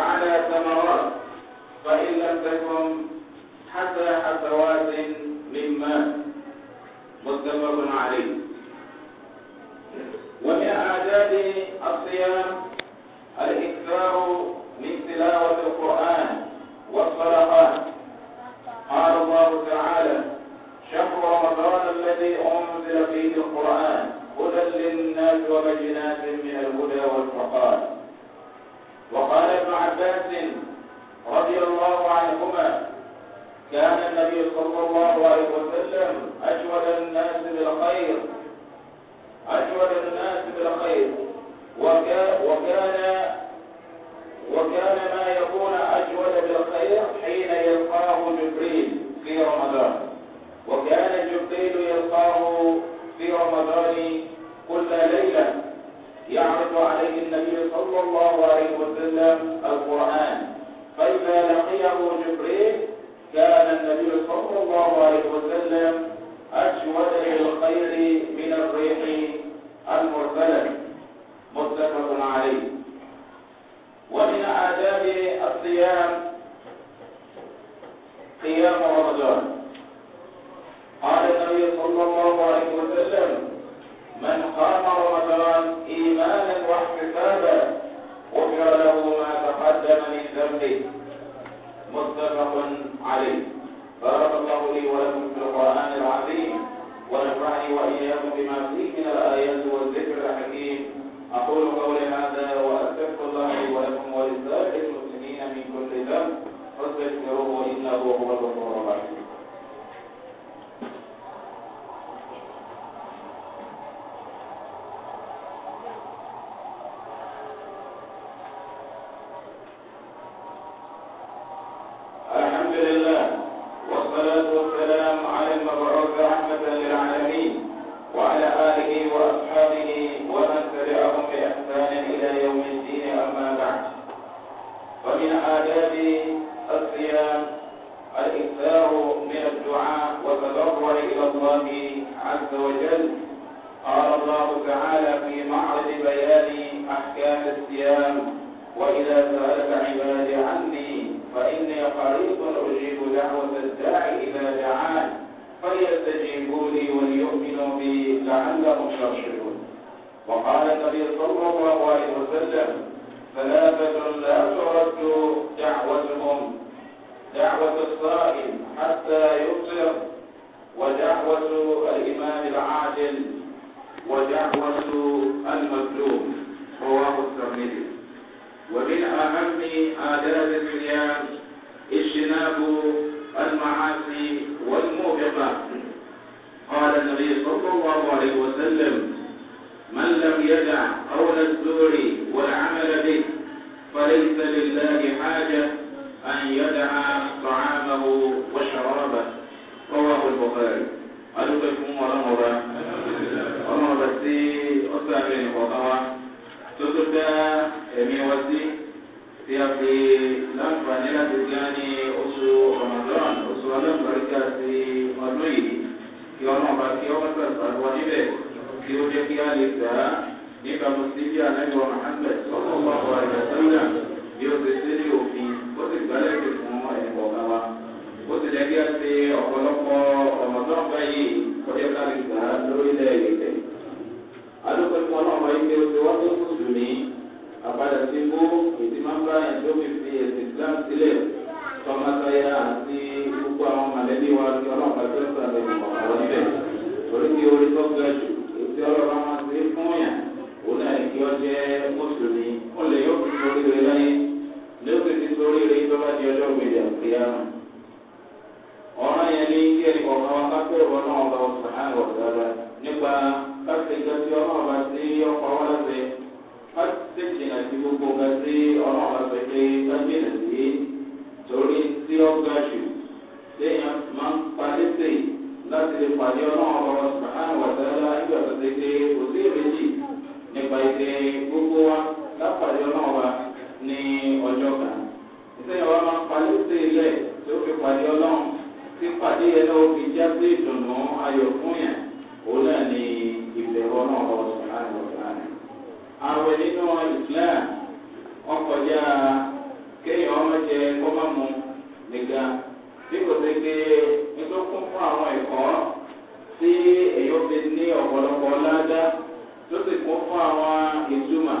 وعلى ثمرات فإن لم تكن حتى حسوات من ماء متفق عليه ومن أعداد الصيام الإكثار من تلاوة القرآن والصلوات قال الله تعالى شهر رمضان الذي أنزل فيه القرآن هدى للناس وبينات من الهدى والفقار وقال ابن عباس رضي الله عنهما كان النبي صلى الله عليه وسلم أجود الناس بالخير أجود الناس بالخير وكان وكان ما يكون أجود بالخير حين يلقاه جبريل في رمضان وكان جبريل يلقاه في رمضان كل ليلة يعرض عليه النبي صلى الله عليه وسلم القرآن فإذا لقيه جبريل كان النبي صلى الله عليه وسلم أجود للخير من الريح المرسلة متفق عليه ومن آداب الصيام قيام رمضان قال النبي صلى الله عليه وسلم من قام رمضان إيمانا واحتسابا غفر له ما تقدم من ذنبه متفق عليه بارك الله لي ولكم في القرآن العظيم ونفعني وإياكم بما فيه من الآيات والذكر الحكيم أقول قولي هذا وأستغفر الله لي ولكم ولسائر المسلمين من كل ذنب فاستغفروه إنه هو ودعوة الصائم حتى يفطر ودعوة الإمام العادل ودعوة المظلوم رواه الترمذي ومن أهم آداب الصيام اجتناب المعاصي والموبقات قال النبي صلى الله عليه وسلم من لم يدع قول الزور والعمل به فليس لله حاجه أن يدع طعامه وشرابه رواه البخاري أدوكم ورمضة ورمضة سي أصابين وقوة تتدى ميوسي سيأتي لنفع إلى تجاني أسو رمضان أسو البركة في مدوي يوم باكي يوم سرطة ونبه kí ó jẹ́ kí á lè gbà á nípa mùsùlùmí àlejò Muhammad sọ́kọ̀ọ́ bí ó ṣe ṣe ní òfin ó sì gbálẹ̀ sí fún ẹ̀kọ́ kan wa ó sì lẹ́gẹ́ ṣe ọ̀pọ̀lọpọ̀ ọ̀nà tó ń fẹ́ yìí kọjá kárí gbà lórílẹ̀ èdè. adúgbò tí wọn náà wọ ike oṣù wọn tó kù jù ní àpàdà tí mú ìdí máa ń bá ìjọba ìfi ẹ̀sìn islam sílẹ̀ tọmọtaya àti gbogbo àwọn mọ̀lẹ́bí wa tí ọlọ́pàá tó ń sàbẹ̀wò ọ̀rọ̀ níbẹ̀ torí kí orí tó ga jù èsì ọ̀rọ̀ máa ń ṣe fún yàn òun náà kí ọ jẹ́ mùsùlùmí ó lè yọ orí rẹ láyé lóṣù tí torí rẹ̀ tó bá di ọjọ́ gbèdé àkúyàmà. ọ̀ràn yẹn ní kí ẹnì kọ̀ọ̀kan wa kápẹ́ ìwọ náà ọba ọ̀sán ọ̀sára nípa káṣí ìjọ tí ọlọ́run bá sí ọkọ̀ wa láti káṣí ìjìnà tí gbogbo ga sí ọlọ́run bá fẹ́ pé kájìnà sí torí tí ó ga jù téèyàn máa ń parí sí láti lè pàdé ọlọ́run ọba ọ̀sán ọ̀sára nígbà tó ti pé kò sí ìrètí nípa ìpè gbogbo wa lápàdé ọlọ́run wa ní ọjọ́ kan ìsẹ́yìn wa máa parí sí ilẹ̀ tí ó fi pàdé ọlọ́run tí pàdé yẹn náà ó fi já sí ìdùnnú ayọ̀ fún yẹn òun náà ni ìbẹ̀rù ọlọ́run ọ̀sán àwẹ̀ nínú islam ọkọjá kéèyàn ọmọ jẹ kọ́mọ́ mu nìkan bí kò sí pé nítorí kún fún àwọn ẹ̀kọ́ tí èyí ó fi ní ọ̀pọ̀lọpọ̀ ládá tó sì kún fún àwọn ìtumọ̀.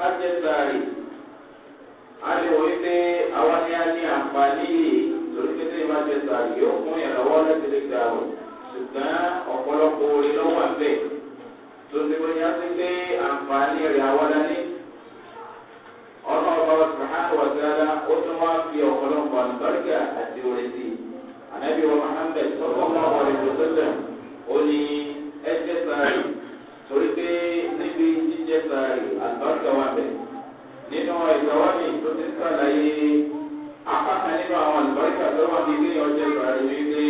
kájẹ sáré a lè wọ wípé ni a ní àǹfààní yìí lórí pé sẹ́yìn máa jẹ sáré yóò fún ìrànlọ́wọ́ láti lè gbà ó ṣùgbọ́n ọ̀pọ̀lọpọ̀ orin ló wà bẹ́ẹ̀ tó ti wọ́n yá sí pé àǹfààní rẹ̀ àwa dání ọ̀nà ọba sàhánù wàsálà ó tún wá fi ọ̀pọ̀lọpọ̀ àlùbáríkà àti orin sí i ànábì wa muhammed sọ̀rọ̀ ọmọ ọ̀rẹ́ ìjọsọ́sẹ̀ ó ní ẹgbẹ́ torí pé níbi jíjẹ sàárì àgbàdo wà bẹ̀. nínú ìgbàwá mi tó ti sàlàyé apákan nínú àwọn àlùbáríkà tó wà ní ilé ọjọ́ sàárì wípé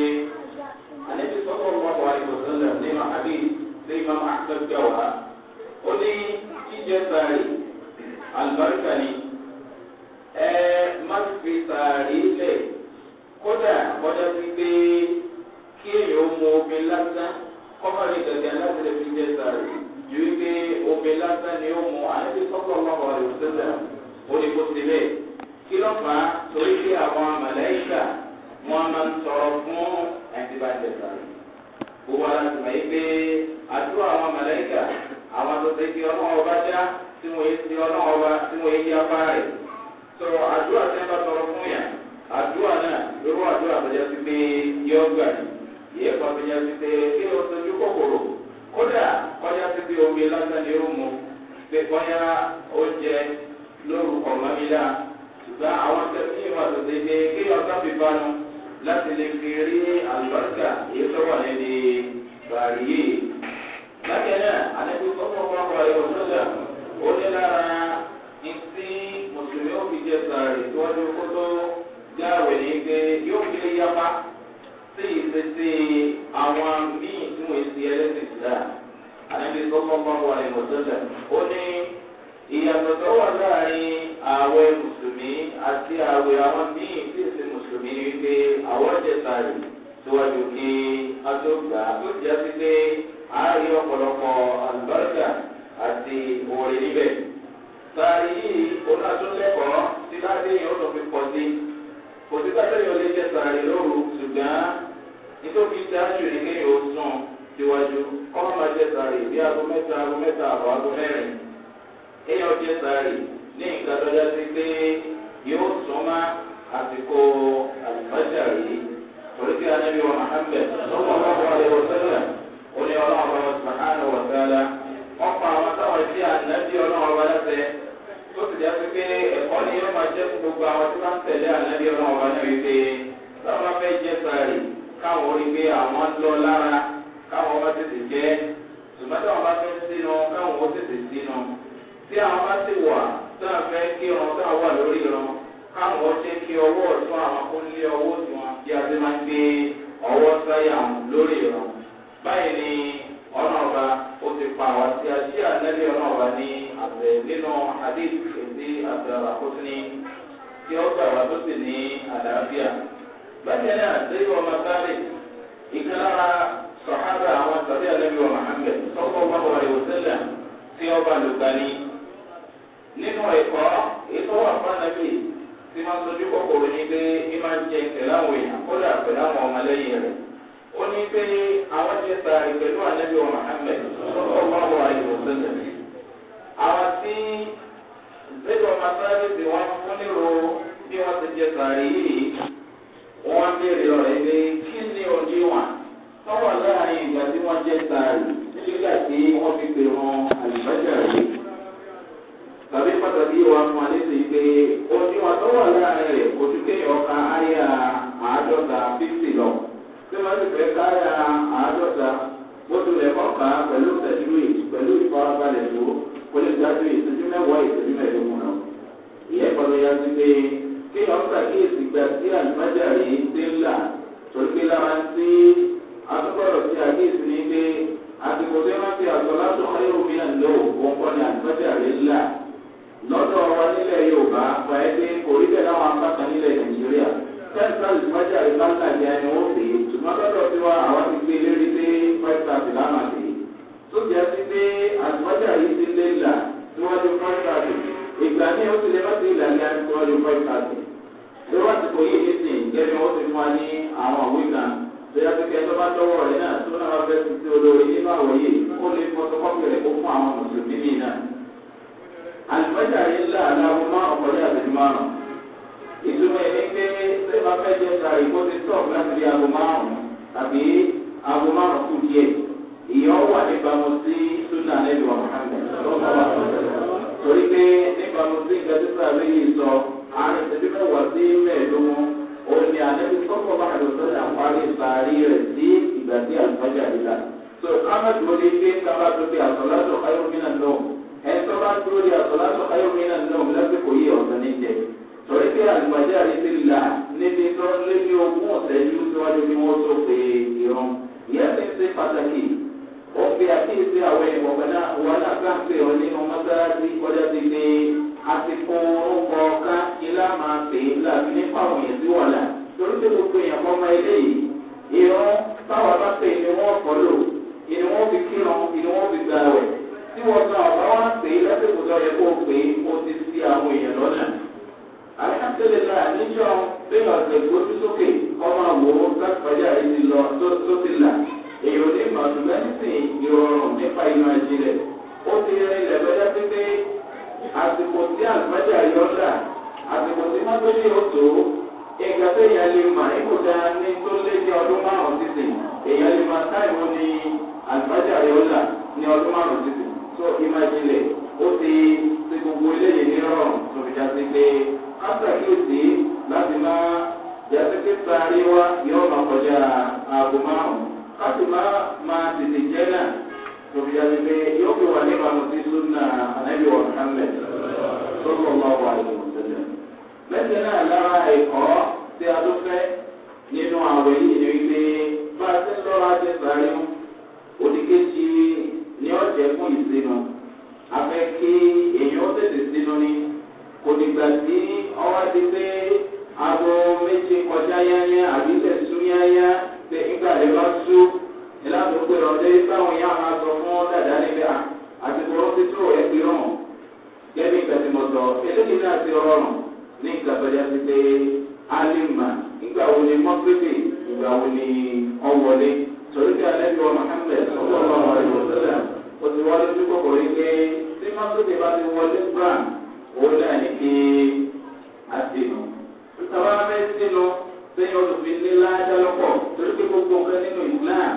àníbi sọ́kọ̀ ọ̀pọ̀ àìsàn nínú àbí sí imam ahmed gawa ó ní jíjẹ sàárì àlùbáríkà ni ẹ má fi sàárì lẹ̀ kódà kọjá sí pé kí èèyàn mú omi lásán kọ́kànlé gẹ̀gẹ̀ láti lè fi jẹ sàrè yìí wípé omi lásán ni ó mu àyẹ̀dẹ̀ sọ́kọ̀ ọlọ́wọ́ rẹ̀ sílẹ̀ ó ní kó ti bẹ́ẹ̀. kí ló fà á torí pé àwọn mọ̀lẹ́yìká wọn máa ń tọrọ fún ẹ̀ńtìbàjẹ́ sàrè. gbogbo ara ti mọ̀ yìí pé àdúrà àwọn mọ̀lẹ́yìká àwọn tó ti di ọlọ́wọ́ bá já tí wọ́n yé ti ọlọ́wọ́ bá tí wọ́n yé yá bá rẹ̀. sọ̀rọ̀ àdúrà tẹ́ bá tọrọ fún yà àdúrà náà lóró àdúrà tó ìyẹn kan tó yẹ pé kí ni o sojú kòkòrò kódà kọjá títí omi lásán ni ó mu pé kọjá oúnjẹ lórúkọ mọ́mílá ṣùgbọ́n àwọn tẹ̀sí ìwà tó ti dé kí ọ̀sán fi bánu láti lè fi rí àlùbáríkà èyí tó wà níbi bàrí yìí. ìṣesí àwọn míì tí wọ́n ti ẹlẹ́sìn ìlà ànábi sọ́kọ́ pàwọ́ àìmọ̀tẹ́lẹ̀ ó ní ìyàtọ̀ tó wà láàrin ààwẹ̀ mùsùlùmí àti ààwẹ̀ àwọn míì tí ìsìn mùsùlùmí ni wípé àwọn jẹta rè síwájú kí a tó gbà á tó jẹ́ sí pé a rí ọ̀pọ̀lọpọ̀ àlùbáríkà àti òwòrè níbẹ̀. Sáré yìí onátúnlẹ́kọ̀ọ́ tí láti yìí ó lọ fi pọ̀ sí. Kò sí sáré yìí ó lè jẹ́ sáré lóru ṣùgbọ́n nítorí ìdájú ni kéèyàn ó sùn síwájú kọ́mọ́ máa jẹ sàárè bí aago mẹ́ta aago mẹ́ta àbọ̀ aago mẹ́rin kéèyàn jẹ sàárè ní nǹkan lọ́jà sí pé yóò sùn má àsìkò àlùfáàjà rí oríṣi anábì wa muhammed lọ́wọ́ ọlọ́wọ́ àlẹ́ wọ́sẹ́lẹ̀ ó ní ọlọ́wọ́ ọlọ́wọ́ sàhánà wọ́sẹ́lẹ̀ wọ́n pa àwọn táwọn tí ànábì ọlọ́wọ́ ọba lẹ́sẹ̀ tó sì jẹ́ pé ẹ̀kọ́ ni yóò máa jẹ́ fún gbogbo àwọn tí wọ́n ń tẹ̀lé ànábì ọlọ́wọ́ ọba náà wípé táwọn bá fẹ́ jẹ sàárè káwọn orí pé àwọn lọ lára káwọn bá tètè jẹ́ ṣùgbọ́n táwọn bá fẹ́ sínú káwọn ó tètè sínú tí àwọn bá sì wà táà fẹ́ kí irun táà wà lórí irun káwọn ó jẹ́ kí ọwọ́ ọ̀tún àwọn kó lé ọwọ́ bí a ti máa gbé ọwọ́ sáyà lórí irun báyìí ni ọ̀nà ọba ó ti pa àwọn tí a ṣí ànẹ́lẹ́ ọ̀nà ọba ní àtẹ nínú àdéhùn èdè àtẹ àlàkóso ní tí ó gbà wá tó sì ní àlàáfíà bákan náà sẹ́yìn wọn máa sáré ìkan lára sọ̀hábà àwọn sàbí àlẹ́bí wọn mahammed sọ́kọ̀ wọn wà lẹ́wọ̀ sẹ́lẹ̀ tí wọ́n bá lò gbani. nínú ẹ̀kọ́ ètò wà fánàbì tí máa sojú kòkòrò ní pé ní máa ń jẹ ìkẹláwọ̀ èèyàn kódà pẹ̀lú àwọn ọmọlẹ́yìn rẹ̀. ó ní pé àwọn ti sàrí pẹ̀lú àlẹ́bí wọn mahammed sọ́kọ̀ wọn wà lẹ́wọ̀ sẹ́lẹ̀. àwọn tí sẹ́yìn wọn máa wọ́n fún níro bí wọ́n ti jẹ sàrí yìí wọ́n béèrè ọ̀rẹ́ pé kí ni òdiwọ̀n tọ́wọ̀ láàrin ìgbà tí wọ́n jẹ́ sàárì nígbà tí wọ́n fi pè wọn àlùbáṣà rẹ̀. tàbí pàtàkì wa fún àlejò yìí pé òdiwọ̀n tọ́wọ̀ láàrin rẹ̀ kò tún kéèyàn ọ̀ka àyà àádọ́ta fífì lọ. tí wọ́n sì fẹ́ káyà àádọ́ta bó tilẹ̀ kọ́ka pẹ̀lú tẹ̀síwì pẹ̀lú ìfarabalẹ̀ tó kò lè dájú ìtẹ́jú mẹ́wàá ìtẹ́jú mẹ́ẹ̀ẹ́dógún lọ. ìyẹn pẹ̀lú yá sí pé kí ọ̀sà kíyèsí gba sí àlùmájà yìí dé ńlá torípé lára sí àtúbọ̀rọ̀ sí àkíyèsí ní pé àsìkò tí wọ́n ti àtọ́lá tó ayé omi náà lò wọ́n kọ́ ní àlùmájà yìí ńlá lọ́dọ̀ wa nílẹ̀ yorùbá báyẹ̀ pé kò rí bẹ́ẹ̀ láwọn apáta nílẹ̀ nàìjíríà ten thousand májà rí báńkà ní ẹni wọ́n pè é ṣùgbọ́n lọ́dọ̀ tí wa àwọn ti gbé e lérí láti di aago márùn-ún tàbí aago márùn-ún kù díẹ̀ ìyẹn ó wà níbàámu sí sunna nẹ́bí wa muhammed lọ́wọ́ wa torí pé níbàámu sí gàdúrà lóye sọ àárín ìṣẹ́jú mẹ́wàá sí mẹ́ẹ̀ẹ́dógún òun ni àdébí sọ́kọ̀ bá àdó sọ́dà parí parí rẹ̀ sí ìgbà tí àlùfájà nílà. so ahmed mọ̀lẹ́ gbé kábà tó bí àtọ̀látọ̀ ayọ̀mínà náà ẹ̀tọ́ bá dúró di àtọ̀látọ̀ ayọ̀mínà náà lásìkò yìí ọ̀sán níjẹ torí pé àlùfájà rí sí là níbi tó níbi ogún ọ̀sẹ̀jú tí wọ́n lé ní wọ́n tó pe ìran. ìyẹn ti ṣe pàtàkì ó fi àkíyèsí àwọn ẹ̀wọ̀n náà wọn náà kà ń pè ọ́ nínú mọ́sálásí kọjá ti pé àsìkò orúkọ ọ̀ká ilá máa pè é láti nípa àwọn èèyàn sí wọ̀là torí pé gbogbo èèyàn kọ́ ọmọ eléyìí ìran táwọn bá pè ni wọ́n kọ́ lò ìní wọ́n fi kírun ìní wọ́n fi gbà rẹ̀ tí wọ́n sọ àwọn bá wá pè é lásìkò tó yẹ kó pè é kó ti sí àwọn èèyàn lọ́nà alhamdulilayi níjọ bẹ́ẹ̀ ọ̀sẹ̀ gbójú sókè ọmọ àwò lápẹ̀yà yìí ti lọ tó ti là èyí ò ní màdùn mẹ́sìn ìrọ̀rùn nípa inú ẹ̀jẹ̀ rẹ̀ ó ti rẹ ilẹ̀ lọ́jọ́ pípé àsìkò tí àgbájá yọ dà àsìkò tí mọ́tòlì yóò tó ìgbà tó yẹ lè mà ipò dáa ní tó lé ní ọdún márùn-ún títì èyí lè máa táìwọ́ ní àgbájá yọ dà ní ọdún márùn-ún títì tó ìmájìlẹ̀ ó ti ti gbogbo eléyìí ní rọrùn tó fi já sí pé àtàkìsí láti má jásíkí sáré wá yóò máa kọjá aago márùn-ún láti má máa tètè jẹ́ náà tóbi jáde pé yóò fi wà nípa àwọn tí sunna anábì wà kánlẹ̀ sọ́kọ̀ máa wà ní ìmọ̀tẹ́lẹ̀. lẹ́sẹ̀ náà lára ẹ̀kọ́ tí a tó fẹ́ nínú àwẹ̀ yìí ni wípé bá a ti ń lọ́ra jẹ́ sáré mú oníkejì ni ọ̀jẹ̀ fún ìsinmi afẹ́ kí èèyàn tètè sínú ní kò dìgbà tí ọwọ́ ti pé aago méje kọjá yáyá àbí tẹ̀sùn yáyá pé nígbà rẹ bá sú ìlànà pé ọ̀dẹ́ báwọn yá máa sọ fún dàda níbẹ̀ àtìkò ó ti tó ẹ̀ fi rán gẹ́gẹ́ bí nǹkan tí mo sọ eléyìí náà ti rọrùn ní nǹkan tó yá sí pé a lè mà nígbà wo ni mọ́pẹ́tì ìgbà wo ni ọ̀wọ́lé torí pé alẹ́ bí wọn mohammed ọlọ́run ọ̀rẹ́ ìwọ̀sẹ̀lẹ̀ ó ti wọlé sí kòkòrò yìí pé tí mọ́pẹ́tì bá ti wọlé brand òun náà ní kí a ti nù. Sábà fẹ́ sínú sẹ́yìn olùfin ní ládàlọ́pọ̀ torí pé gbogbo nǹkan nínú Islam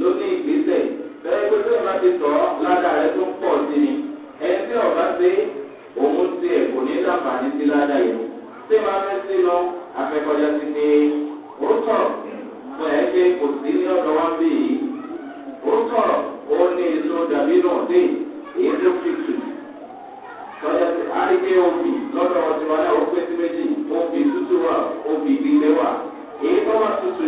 ló ní ìgbésẹ̀. Bẹ́ẹ̀ pé sẹ́yìn máa ti tọ̀ ọ́ ládàá rẹ̀ tó ń pọ̀ sí ni. Ẹni tí ọ̀bá ṣe òun ti ẹ̀ kò ní láǹfààní sí ládàá yẹn. Sẹ́yìn máa fẹ́ sínú afẹ́kọ̀já ti pé o sọ̀rọ̀ fún ẹ̀ pé kò sí ní ọ̀dọ̀ wọn bí yìí. Ó sọ̀rọ̀ ó ní èso dàbí náà dé èyí tó fi tù lọ́jọ́ tí a rí pé obì lọ́dọ̀ tiwa náà ó pé sí méjì obì tútù wà obì gbígbé wà èyí tó wà tútù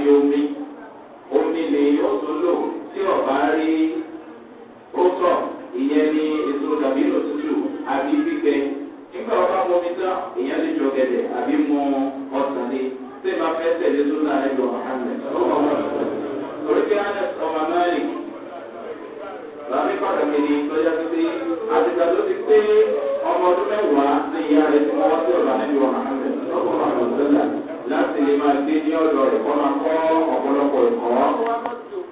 ní omi omi lè yóò tó lò tí ọba rí ó tọ̀ ìyẹn ní ètò tàbí òtútù àbí gbígbẹ nígbà ọba mu omi tán ìyẹn lè jọ gẹ̀dẹ̀ àbí mu ọ̀sán ni tí ìbá fẹ́ tó náà lọ mohammed orí kí á ọmọ náà yìí làbí pàtàkì ni lọ́jà pípé àtìgbà tó ti pé ọmọ ọdún mẹ́wàá ní ìyá rẹ̀ tí wọ́n wá sí ọ̀dọ̀ àníbi wà mohammed lọ́kọ̀ọ́ àwọn ọ̀dọ́ náà láti lè máa gbé ní ọ̀dọ̀ rẹ̀ kọ́ máa kọ́ ọ̀pọ̀lọpọ̀ ẹ̀kọ́.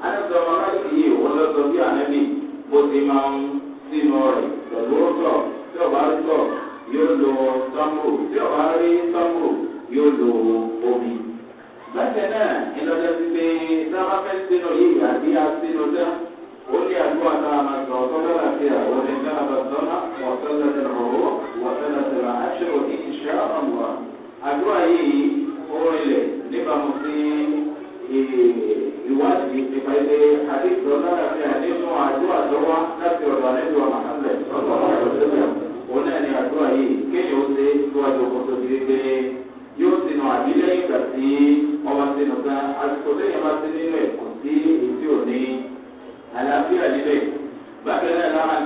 Àyẹ̀sọ̀ máa ń fi ìwọ lọ́sọ̀ bí ànẹ́bì bó ti máa ń sínú rẹ̀ pẹ̀lú ọ̀tọ̀ tí ọ̀bá rí tọ̀ yóò lo sọ́mbù tí ọ̀bá rí sọ́mbù yóò lo omi. Bẹ́ẹ̀ náà ìlọ́jọ́ ti pé sábà fẹ́ sínú yìí àbí asínú dá. Ó ní àdúrà náà máa gbà ọ̀tọ́ lọ́la sí àwọn ẹgbẹ́ àbàtọ́nà wọ̀tọ́lẹ̀ tẹ̀rọ̀ wọ̀tọ́lẹ̀ tẹ̀rọ̀ àṣẹ òní ìṣẹ́ àwọn àdúrà yìí ìgbìmọ̀ ilé àdéhùn náà fi àdéhùn àdúrà tó wá láti ọ̀dọ̀ àlejò àmàlẹ̀ ọ̀dọ̀ ọ̀dọ̀ òun náà ni àdúrà yìí kéèyàn ó ṣe síwájú ọkọ̀ tó ti gbé yóò sinú àbílẹ̀ ìgbà tí ọba sinú gan àsìkò lẹ́yìn bá sí nínú ẹ̀kọ́ sí èsì òní àlàáfíà nílẹ̀ bákan náà láwọn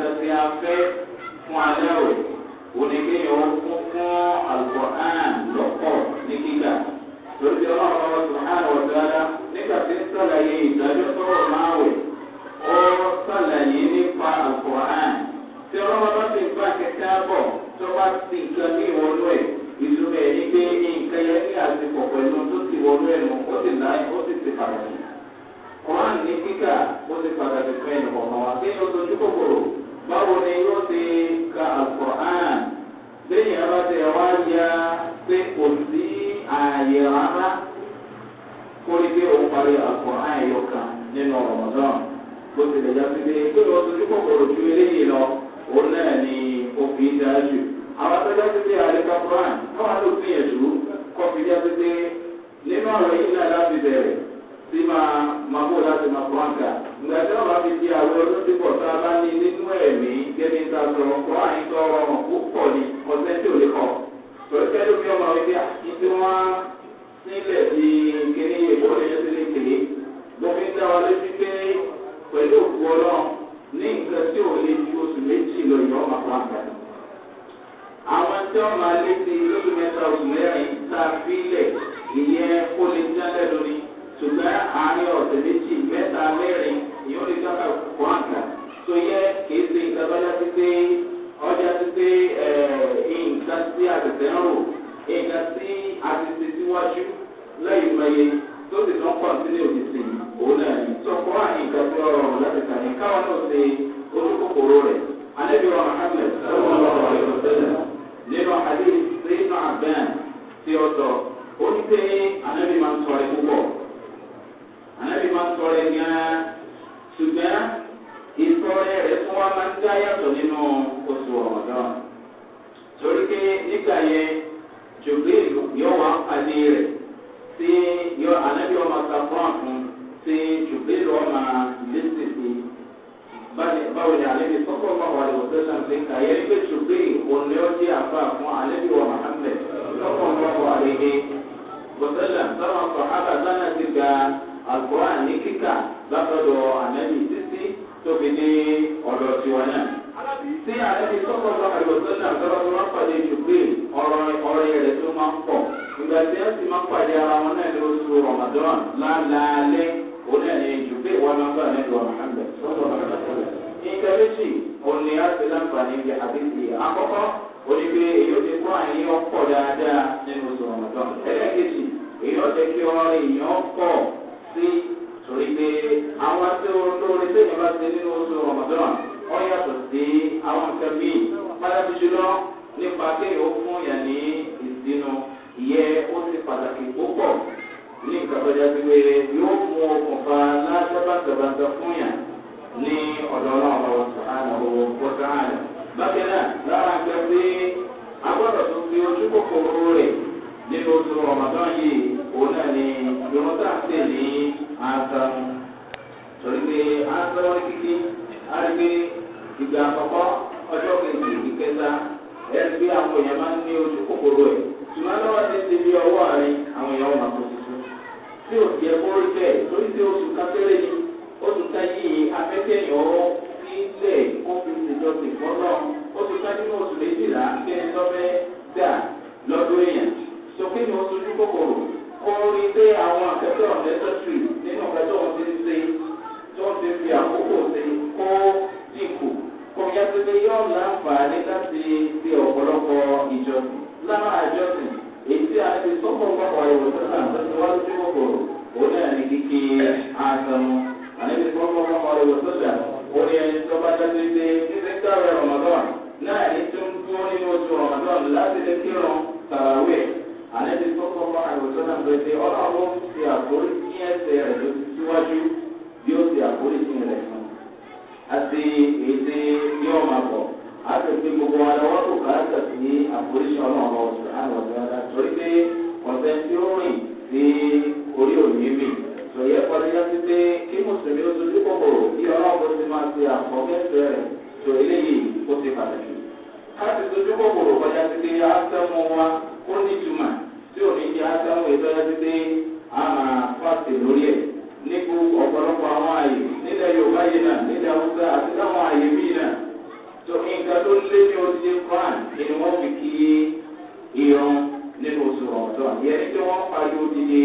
àjọ tí nígbà tí ń sàlàyé ìdájọ́ tọrọ máa wẹ̀ ó sàlàyé nípa àkùrán tí ọlọ́wọ́ bá ti gbà kẹta bọ̀ tó bá ti gan ní ìwọlú ẹ̀ ìtumọ̀ ẹ̀ ní pé nǹkan yẹn ní àsìkò pẹ̀lú tó ti wọlú ẹ̀ nù ó sì láì ó sì ti pàtàkì. Quran ní kíkà ó ti pàtàkì fún ẹnì kọ̀ọ̀kan wa kí ni oṣooṣù kòkòrò báwo ni yóò ti ka àkùrán lẹ́yìn abájẹ́ wa ya pé kò sí ààyè rárá kó ní pé òun parí àpò àìyọ kan nínú ọ̀rọ̀mọ̀dán bó tilẹ̀ já sí pé pé wọ́n tó dúpọ̀ kòrò ju eléyìí lọ òun náà ni òfin dáa jù àwọn abẹ́jọ́ sí pé àríkà quran náà ló gbìyànjú kọ́ fi já sí pé nínú ọ̀rọ̀ yìí náà láti bẹ̀rẹ̀ sí máa máa bó láti máa quran kà ìgbà tí wọ́n bá fi di àwọn ọdún tí pọ̀ tá a bá ní nínú ẹ̀mí gẹ́gẹ́ ta sọ̀rọ̀ quran tó rọrùn púpọ̀ ni ọ̀sẹ̀ tí ò nílẹ̀ bí kíní èkó lè ṣe lè tèlé mo fi ń dá wa létí pé pẹ̀lú òkú ọlọ́run ní nǹkan tí ò lè ju oṣù méjì lọ yọ ọmọ pa àgbà. àwọn tí wọ́n máa lé sí lóṣù mẹ́ta oṣù mẹ́rin tá a fi lẹ̀ ìyẹn kó lè jẹ́ lẹ́nu ni ṣùgbọ́n àárín ọ̀sẹ̀ méjì mẹ́ta mẹ́rin ìyẹn ó lè dábà kó àgbà tó yẹ kìí ṣe ìtàbájá títí ọjà títí nǹkan tí àgbẹ̀tẹ̀ ń rò èèyàn tí a ti ṣe síwájú lẹ́yìn mẹ́yẹ tó sì tún pọ̀ sílé òdìsí òun náà ni. sọ fún àyè ìgbà tó rọrùn láti kà ní káwọn náà ṣe olúkòkòrò rẹ̀. alẹ́bí wa muhammed sọ́wọ́n lọ́wọ́ ọ̀rẹ́ ọ̀sẹ̀lẹ̀ nínú àdé sínú àbẹ́n tí ó sọ ó ní pé alẹ́bí máa ń sọ̀rọ̀ púpọ̀ alẹ́bí máa ń sọ̀rọ̀ gan-an ṣùgbọ́n ìsọ̀rọ̀ rẹ̀ fún wa máa ń dá yàtọ̀ nínú oṣù ọ̀rọ̀ náà jibril yóò wá pàdé rẹ̀ tí yóò anabi wọn máa ta fún àfún tí jibril wọn máa lé tètè báwo ni anabi sọ́kọ́ máa wà lọ́wọ́ tó sàn fún kàyé pé jibril òun ni ó jẹ́ àbá fún anabi wọn muhammed sọ́kọ́ máa wà lẹ́yìn bọ́sẹ̀lẹ̀ sábà sọ abàtà náà ti ga alukóra ní kíkà látọ̀dọ̀ anabi títí tóbi ní ọ̀dọ̀ tiwọn náà tí àlejò sọ́kọ̀ lọ àgbẹ̀sọ́nà àgbẹ̀rọ̀ tó máa ń pàdé jùgbìn ọ̀rọ̀ ọ̀rọ̀ ìrẹ̀lẹ̀ tó máa ń pọ̀ ìgbà tí wọ́n sì máa ń pàdé ara wọn náà ní oṣù ramadan lálaalẹ́ òun náà ní jùgbìn wọn máa ń bá ní ìwà muhammed sọ́kọ̀ nǹkan méjì òun ni a ti láǹfààní ibi àbíkì àkọ́kọ́ onígbé èyí ti kọ́ àyè ọ̀pọ̀ dáadáa nínú oṣù ramadan ẹlẹ́kejì èyí ó kí ọrọ̀ èèyàn pọ̀ sí wọ́n yàtọ̀ sí àwọn nǹkan míì pàtàkì jùlọ nípa kéèyàn ó fún yàn ní ìsinú ìyẹn ó ti pàtàkì púpọ̀ ní nǹkan tó jáde wéré yóò mú okùnfà lágbàgbàgbà fún yàn ní ọ̀dọ̀ ọlọ́run sàánà owó bọ́sàánà. bákan náà lára ń gbẹ pé agbọ́dọ̀ tó fi ojú kòkòrò rẹ̀ nínú oṣù ọ̀mọ̀tán yìí òun náà ni yorùbá ń pè ní àǹtàn torí pé àǹtàn wọn kíkí àrígbé ìgbà àkọ́kọ́ ọjọ́ kejì ìkẹta ẹni pé àwọn èèyàn máa ń ní ojú kòkòrò ẹ̀ ṣùgbọ́n lọ́wọ́ ti ti bí ọwọ́ rẹ àwọn èèyàn wọn kò tuntun tí ò jẹ́ kórè bẹ́ẹ̀ torí pé oṣù kápẹ́rẹ́ ni oṣù ká yìí afẹ́kẹ́yìn ọ̀rọ̀ sí ilẹ̀ kó fi ṣèjọ sí fọ́nà oṣù ká nínú oṣù méjìlá kẹ́ni lọ́fẹ́ dà lọ́dún èèyàn sọ pé ní oṣù ojú kòkòrò kó rí pé àwọn àkẹ́kọ̀ọ́ mẹ́tọ́tì nínú ọ̀gá tó ń ti ṣe tó ń ti kó dínkù kọjá pépé yóò láǹfààní láti fi ọ̀pọ̀lọpọ̀ ìjọsìn lára àjọsìn èyí tí a ti sọ́kọ̀ pàpọ̀ ìwòsàn náà tó ti wá lójú kòkòrò òun náà ní kíkí àtàmú àníbi sọ́kọ̀ pàpọ̀ ìwòsàn náà ó ní ẹni tó bá dájú pé títí sáré rọmọdọ́n náà ní tó ń dúró nínú oṣù rọmọdọ́n láti lè kírun tàràwé àníbi sọ́kọ̀ pàpọ̀ ìwòsàn náà tó ti ọlọ́run ti àkórí ní ẹsẹ̀ rẹ̀ lójú síwájú bí ó ti àkórí sí rẹ̀ fún àti ètè yóò máa bọ̀ àti pé gbogbo ara wọn kò ká tẹ̀sí ní àforíṣẹ́ ọlọ́run ọ̀sán àwọn ọ̀sán ọ̀sán torí pé ọ̀sẹ̀ tí ó rìn sí orí òní mi sọ̀yẹ́ pọ́nlẹ́yà ti pé kí mùsùlùmí ó dojú kòkòrò kí ọlọ́run ti máa ṣe àkọ́kẹ́sẹ̀ rẹ̀ sọ eléyìí ó ti pàtàkì. láti dojú kòkòrò kọjá ti pé àtẹ̀mú wa ó ní ìtumà tí òní jẹ́ àtẹ̀mú ìtọ́jà ti pé àmà fàṣẹ lórí ẹ̀ níbu ọ̀pọ̀lọpọ̀ àwọn àyè nílẹ̀ yorùbá yìí náà nílẹ̀ haúsá àti táwọn àyè míì náà tó nǹkan tó lé ní oṣù kwan ni wọ́n fi kí irun nínú oṣù ọ̀dọ́ yẹn tí wọ́n pariwo dídé.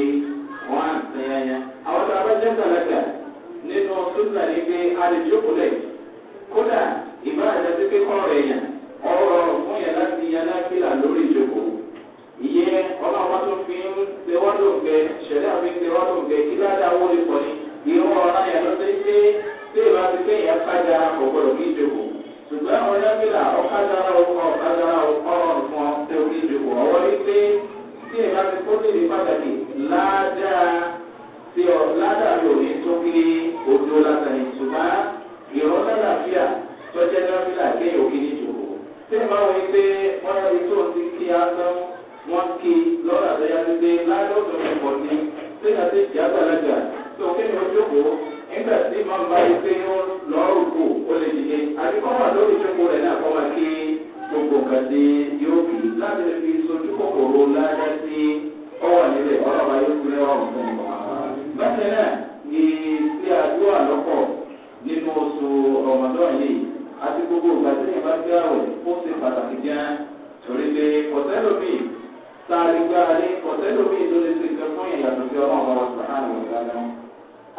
kankan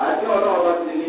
àti ọlọ́ọ̀bá ti ní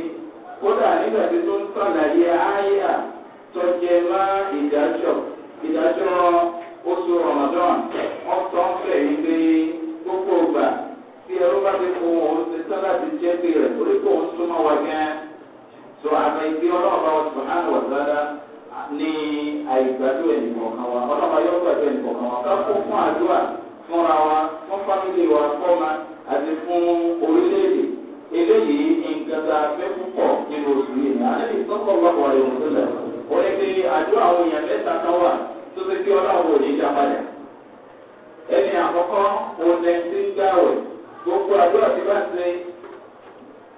àkọ́kọ́ òun ẹ̀ ń gbàwẹ̀ gbogbo àdúrà tí bá ṣe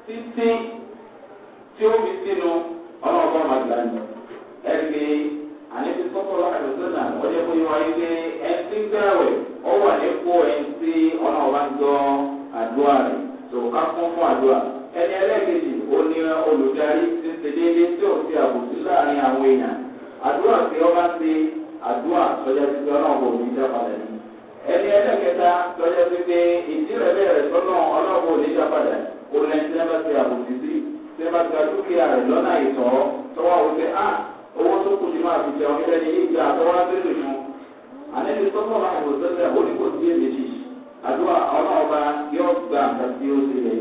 títí tí ó fi sínú ọmọ ọgbọ́n máa gbà ní. ẹ gbé àníbi wọ́n jẹ́ ayé pé ẹ ti ń gbàwẹ̀ ó wà nípò ẹ̀ tí ọ̀nà ọba ń gbọ́ àdúrà rẹ̀ tó ká kún fún àdúrà. ẹni ẹlẹ́gẹ̀dì ó ní olùdarí ti ṣe déédéé tí ò ti láàrin àwọn èèyàn ọba àdúrà sọjá ti fi ọ̀nà ẹni ẹlẹ́kẹta lọ́jọ́ pípé ìdílé bẹ̀rẹ̀ sọ́nà ọlọ́wọ́ oníjà padà olùlẹ́ńtẹ́ bá ti àbòsí sí ṣé bá ti àdúgbìyà rẹ̀ lọ́nà ìtọ́ tọ́wọ́ àwọn ṣe á owó tó kù ní máa fi jẹun nílẹ̀ ní ìgbà àtọ́wọ́ abẹ́rẹ́ fún àlẹ́ni sọ́nà àwọn òṣèlú oníkòtí èdèjì àdúrà ọlọ́ọba yóò gba nǹkan tí ó ṣe lẹ̀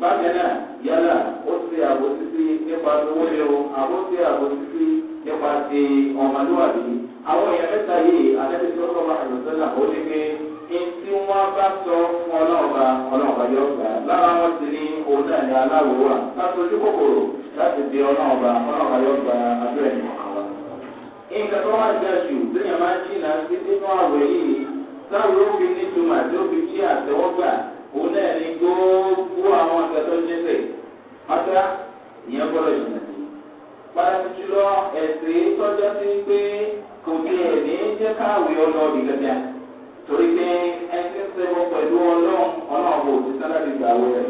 bákan náà yálà ó ṣe àbòsí sí nípa owó ni o àbó ṣe àbòsí sí nípa ti ọmọlúwàbí àwọn èèyàn mẹ́ta yìí àtẹ́tí tó kọ́ bá àlùsọ́là ó ní pé ní tí wọ́n bá sọ fún ọlọ́ọ̀ba ọlọ́ọ̀ba yóò gbà lára wọn ti ní òun náà ní aláwòrán láti ojú kòkòrò láti di ọlọ́ọ̀ba ọlọ́ọ̀ba yóò gbà abẹ́rẹ́ ní ọ̀kàwá. nǹkan tó wá jẹ́ jù lóyìn máa ń jìnnà sí nínú àwẹ̀ yìí táwọn ó fi nítumọ̀ tó fi jí àtẹ́wọ́gbà òun náà ní gbogbo àwọn akẹ́tọ́ nílẹ̀ pátá ìyẹn gbọ́dọ̀ jìnnà sí kò tiẹ̀ ní jẹ́ káwé ọlọ́ọ̀dì gẹ́gẹ́ torí pé ẹni sẹ́wọ́ pẹ̀lú ọlọ́run ọlọ́ọ̀bù òṣìṣẹ́ ìgbà wẹ̀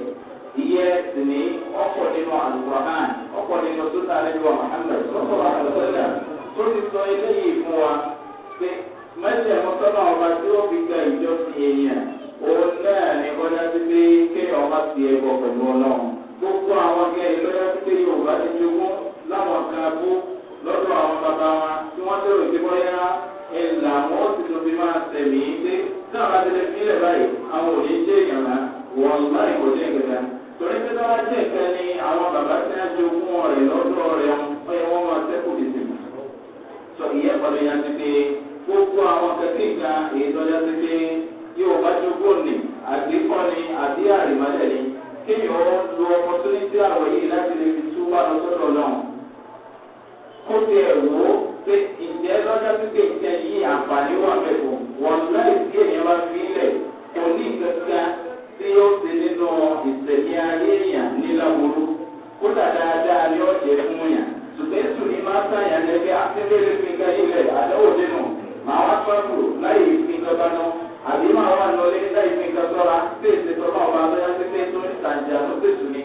iye sì ní ọkọ̀ nínú àlùkùrán ọkọ̀ nínú sọ́tà lẹ́yìn ọ̀hánlẹ̀ sọ́tọ̀ àlùkùrán tó ti sọ eléyìí fún wa pé mẹ́tẹ̀ mọ́tọ́nà ọba tí ó fi gba ìjọ sí èèyàn òun náà ní kọjá sí pé kéèyàn ọba ti ẹ̀kọ́ pẹ̀lú ọlọ́run gbogbo àwọn kẹrin lọ́yà sí pé yorùbá ti jogún láwọn kan kú lọ́dọ̀ àwọn bàbá wọn tí wọ́n tẹ̀rọ ìdíbọ́yá ẹ̀là wọ́n ti tó fi máa tẹ̀mí pé tí àwọn adìrẹ fílẹ̀ báyìí àwọn ò ní jẹ́ èèyàn náà wọ́n láì kò jẹ́ ìgbẹ̀dá. torí pé tọ́lá jẹ́ ìkẹ́ ni àwọn bàbá tí wọ́n jogún ọ̀rẹ́ lọ́dọ̀ rẹ̀ wọ́n yẹ wọ́n máa tẹ́kù bìtì. sọ ìyẹn pẹ̀lú yẹn ti pé gbogbo àwọn kẹ́kíkà ìtọ́jà ti pé yóò bá jogún ni àti kọ́ni àti àrìmọ́lẹ̀ ni kéèyàn lu ọmọ tó ní sí àwọ̀ yìí láti lè fi tú wá lọ sọ́dọ̀ náà. kó tiẹ̀ wò ó pé ìjẹ́ lọ́jọ́ pípé ìjẹ́ yìí àǹfààní wà bẹ̀rù wọn láì sí èèyàn bá fi ilẹ̀ kò ní ìgbẹ́ka tí ó ti nínú ìsẹ̀mí ayé èèyàn níláwòrú kódà dáadáa ni ó jẹ́ fún yàn ṣùgbọ́n ètò ní máa sáyà lẹ́gbẹ́ àtẹ́lẹ́lẹ́ fi ká ilẹ̀ àdáwò nínú màá wá pẹ́rù láì fi gbọ́dọ̀ náà àbí màá wà lọlé láì fi gbọ́dọ̀ rà sí èsì tọ́lá ọba abẹ́yá pípé tó ní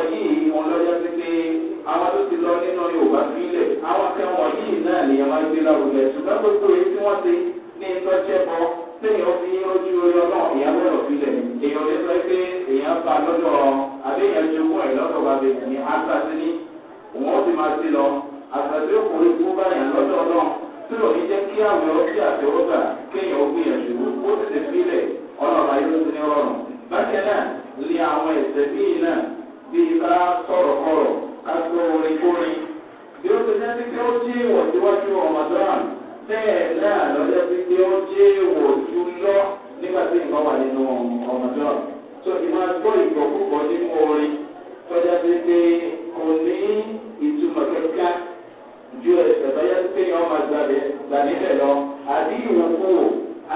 wọ̀nyí wọn lọ́jọ́ sí pé àwọn tó ti lọ nínú yorùbá sílẹ̀ àwọn kan wọ̀nyí náà lè máa gbé lárugẹ ṣùgbọ́n gbogbo èyí tí wọ́n ti ní ìtọ́jẹ́ bọ sẹ́yìn ó fi ojú oyọ náà èèyàn lọ́rọ̀ sílẹ̀ èèyàn lè sọ pé èèyàn bá lọ́dọ̀ àbẹ́yẹn jogún ẹ̀ lọ́dọ̀ bàbá èèyàn ní àgbàsí ní òun ó sì máa ti lọ àgbàsí ó kórè fún báyà lọ́dọ̀ náà tí ò ní jẹ́ kí àwọn ọtí àti ọgbà kéèyàn ó gbìyànjú ó sì ti sílẹ̀ ọlọ́ọ̀bá yóò ti ní rọrùn bákẹ́ náà ní àwọn ẹ̀sẹ̀ bíi náà bíi ká sọ̀rọ̀ kọ̀rọ̀ ká sọ orin kórin. bí ó ti jẹ́ sí pé ó jí ìwọ̀ síwájú ọmọdún bẹ́ẹ̀ náà lọ́jọ́ sí pé ó jí ìwọ̀ jù lọ nígbà tí nǹkan wà nínú ọmọdún. tó ti máa gbọ́ ìgbọ̀kúgbọ̀ nínú orin tọ́jà sí pé kò ní ìtumọ̀ kẹ́kẹ́ ju ẹ̀sẹ̀ tọ́jà sí pé ọmọ gbàdébẹ̀ lọ àbí ìwòkúwò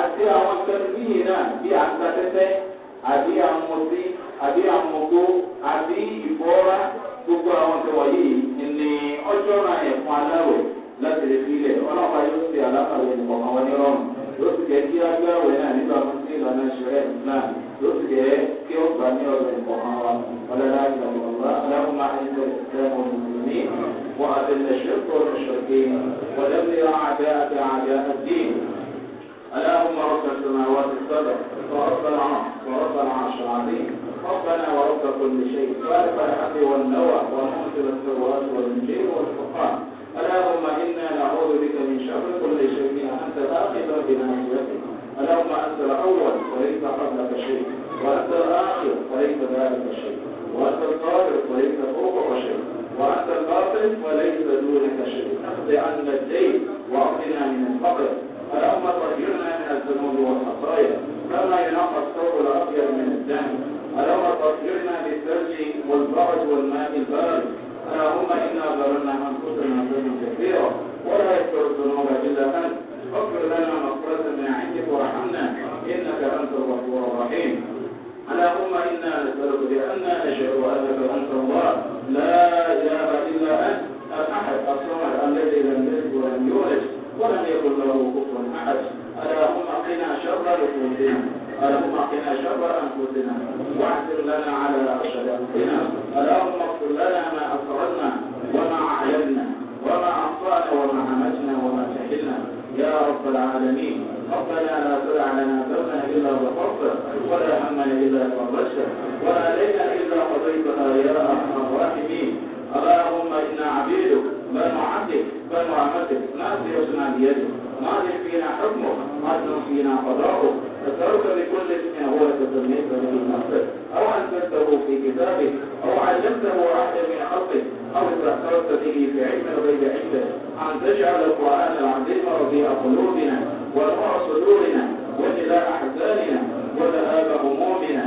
àti àwọn kẹ́kẹ́ bíi náà bí àgbàtẹ́tẹ́ àbí àwọn ọtí àbí àwọn ògbó àbí ìfọ́ra gbogbo àwọn tó wà yìí ni ọjọ́ náà yẹ fún aláwẹ̀ láti lè fi ilẹ̀ ọlọ́pàá yóò ṣe àlàkàlẹ̀ ìkọ̀kan wọn ní rọrùn yóò sì jẹ́ kí agbáwẹ̀ náà nígbà fún sí ìlànà ìṣẹ̀rẹ̀ náà yóò sì jẹ́ kí ó gbà ní ọ̀rọ̀ ìkọ̀kan wa ọlọ́lá ìjọba aláwọ̀má المسلمين وأذل الشرك والمشركين ودمر أعداءك أعداء الدين اللهم رب السماوات السبع ورب العرش ورب العرش العظيم ربنا ورب كل شيء خالق الحق والنوى ومنزل الثروات والمجير والفقار اللهم إنا نعوذ بك من شر كل شيء أنت الآخر بناحيته اللهم أنت الأول وليس قبلك شيء وأنت الآخر وليس ذلك شيء وأنت القادر وليس فوقك شيء وأنت الباطل وليس دونك شيء اقض عنا الدين واقضنا من الفقر اللهم طهرنا من الذنوب والخطايا كما ينقى الثوب الأبيض من الدم اللهم تصبرنا بالثلج والبرد والماء البارد اللهم إنا ظلمنا أنفسنا ظلما كثيرا ولا يغفر الذنوب إلا أنت اغفر لنا مغفرة من عندك وارحمنا إنك أنت الغفور الرحيم اللهم إنا نسألك بأن نشهد أنك أنت الله لا إله إلا أنت الأحد الصمد الذي لم يلد ولم يولد ولم يكن له كفوا أحد اللهم قنا شر نفوسنا اللهم قنا شر انفسنا واعذر لنا على شبابنا اللهم اغفر لنا ما اسررنا وما اعلنا وما اخطانا وما عملنا وما سهلنا يا رب العالمين ربنا لا تدع لنا ذنبا الا غفرته ولا هما الا فرجته ولا ليلا الا قضيتها يا ارحم الراحمين اللهم انا عبيدك بل عبدك بل رحمتك ناصيتنا بيدك ماضي فينا حكمك عدل فينا قضاؤك ذكرت لكل اسم هو بالنسبة للمصدر أو أنزلته في كتابه أو علمته أحد من خلقه أو استأثرت به في علم الغيب عنده أن تجعل القرآن العظيم ربيع قلوبنا ونور صدورنا وجلاء أحزاننا وذهاب همومنا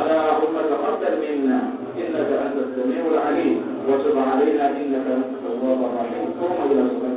اللهم تقبل منا إنك أنت السميع العليم وتب علينا إنك أنت التواب الرحيم قوموا إلى